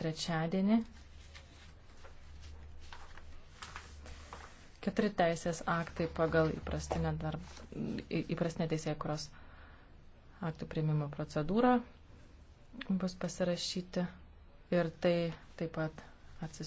trečiadienį. Keturi teisės aktai pagal įprastinę, darb... įprastinę teisėje, kurios aktų prieimimo procedūrą bus pasirašyti ir tai taip pat atsispirti.